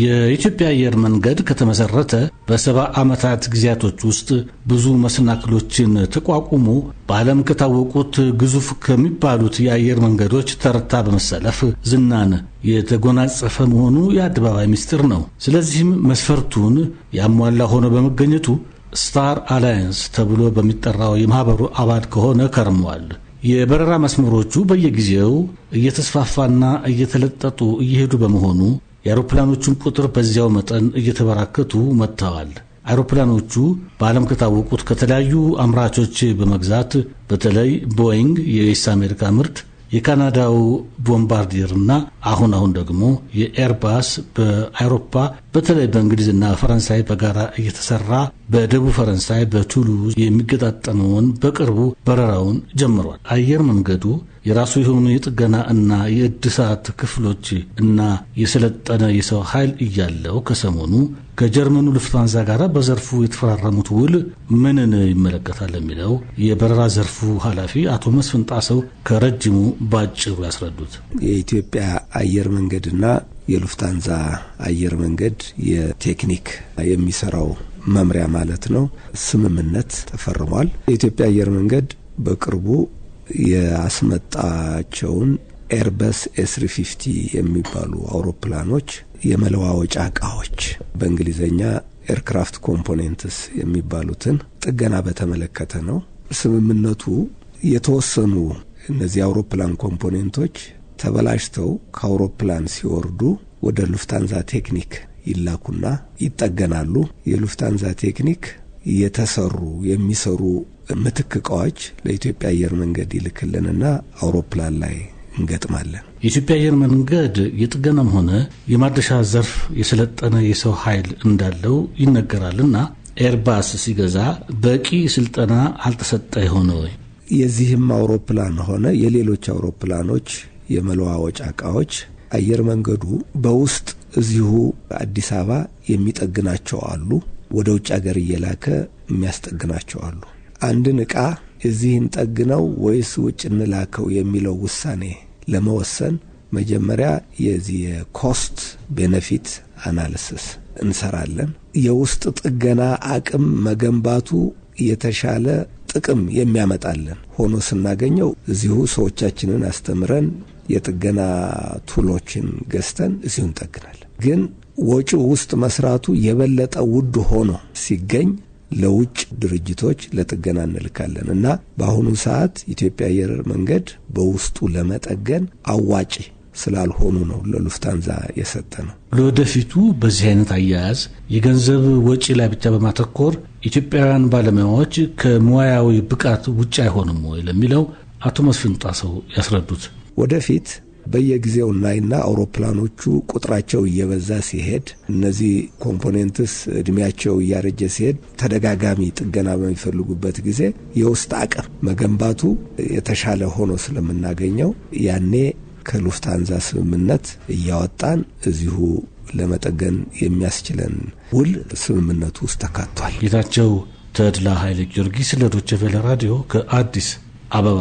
የኢትዮጵያ አየር መንገድ ከተመሰረተ በሰባ ዓመታት ጊዜያቶች ውስጥ ብዙ መሰናክሎችን ተቋቁሞ በዓለም ከታወቁት ግዙፍ ከሚባሉት የአየር መንገዶች ተርታ በመሰለፍ ዝናን የተጎናጸፈ መሆኑ የአደባባይ ምስጢር ነው። ስለዚህም መስፈርቱን ያሟላ ሆኖ በመገኘቱ ስታር አላያንስ ተብሎ በሚጠራው የማኅበሩ አባል ከሆነ ከርሟል። የበረራ መስመሮቹ በየጊዜው እየተስፋፋና እየተለጠጡ እየሄዱ በመሆኑ የአውሮፕላኖቹን ቁጥር በዚያው መጠን እየተበራከቱ መጥተዋል። አውሮፕላኖቹ በዓለም ከታወቁት ከተለያዩ አምራቾች በመግዛት በተለይ ቦይንግ የዩኤስ አሜሪካ ምርት፣ የካናዳው ቦምባርዲየር እና አሁን አሁን ደግሞ የኤርባስ በአውሮፓ በተለይ በእንግሊዝና ፈረንሳይ በጋራ እየተሰራ በደቡብ ፈረንሳይ በቱሉዝ የሚገጣጠመውን በቅርቡ በረራውን ጀምሯል። አየር መንገዱ የራሱ የሆኑ የጥገና እና የእድሳት ክፍሎች እና የሰለጠነ የሰው ኃይል እያለው ከሰሞኑ ከጀርመኑ ልፍታንዛ ጋር በዘርፉ የተፈራረሙት ውል ምንን ይመለከታል የሚለው የበረራ ዘርፉ ኃላፊ አቶ መስፍን ጣሰው ከረጅሙ በአጭሩ ያስረዱት የኢትዮጵያ አየር መንገድና የሉፍታንዛ አየር መንገድ የቴክኒክ የሚሰራው መምሪያ ማለት ነው ስምምነት ተፈርሟል። የኢትዮጵያ አየር መንገድ በቅርቡ ያስመጣቸውን ኤርበስ ኤስሪ ፊፍቲ የሚባሉ አውሮፕላኖች የመለዋወጫ እቃዎች በእንግሊዝኛ ኤርክራፍት ኮምፖኔንትስ የሚባሉትን ጥገና በተመለከተ ነው። ስምምነቱ የተወሰኑ እነዚህ የአውሮፕላን ኮምፖኔንቶች ተበላሽተው ከአውሮፕላን ሲወርዱ ወደ ሉፍታንዛ ቴክኒክ ይላኩና ይጠገናሉ። የሉፍታንዛ ቴክኒክ የተሰሩ የሚሰሩ ምትክ እቃዎች ለኢትዮጵያ አየር መንገድ ይልክልንና አውሮፕላን ላይ እንገጥማለን። የኢትዮጵያ አየር መንገድ የጥገናም ሆነ የማደሻ ዘርፍ የሰለጠነ የሰው ኃይል እንዳለው ይነገራልና ኤርባስ ሲገዛ በቂ ስልጠና አልተሰጠ የሆነ ወይ? የዚህም አውሮፕላን ሆነ የሌሎች አውሮፕላኖች የመለዋወጫ እቃዎች አየር መንገዱ በውስጥ እዚሁ አዲስ አበባ የሚጠግናቸው አሉ። ወደ ውጭ ሀገር እየላከ የሚያስጠግናቸው አሉ። አንድን እቃ እዚህ እንጠግነው ወይስ ውጭ እንላከው የሚለው ውሳኔ ለመወሰን መጀመሪያ የዚህ የኮስት ቤነፊት አናልስስ እንሰራለን። የውስጥ ጥገና አቅም መገንባቱ የተሻለ ጥቅም የሚያመጣልን ሆኖ ስናገኘው እዚሁ ሰዎቻችንን አስተምረን የጥገና ቱሎችን ገዝተን እዚሁ እንጠግናለን። ግን ወጪው ውስጥ መስራቱ የበለጠ ውድ ሆኖ ሲገኝ ለውጭ ድርጅቶች ለጥገና እንልካለን እና በአሁኑ ሰዓት ኢትዮጵያ አየር መንገድ በውስጡ ለመጠገን አዋጪ ስላልሆኑ ነው ለሉፍታንዛ የሰጠ ነው። ለወደፊቱ በዚህ አይነት አያያዝ የገንዘብ ወጪ ላይ ብቻ በማተኮር ኢትዮጵያውያን ባለሙያዎች ከሙያዊ ብቃት ውጭ አይሆንም ወይ ለሚለው አቶ መስፍን ጣሰው ያስረዱት ወደፊት በየጊዜው እናይና አውሮፕላኖቹ ቁጥራቸው እየበዛ ሲሄድ እነዚህ ኮምፖኔንትስ እድሜያቸው እያረጀ ሲሄድ ተደጋጋሚ ጥገና በሚፈልጉበት ጊዜ የውስጥ አቅም መገንባቱ የተሻለ ሆኖ ስለምናገኘው ያኔ ከሉፍታንዛ ስምምነት እያወጣን እዚሁ ለመጠገን የሚያስችለን ውል ስምምነቱ ውስጥ ተካቷል። ጌታቸው ተድላ ኃይለ ጊዮርጊስ ለዶቸቬለ ራዲዮ ከአዲስ አበባ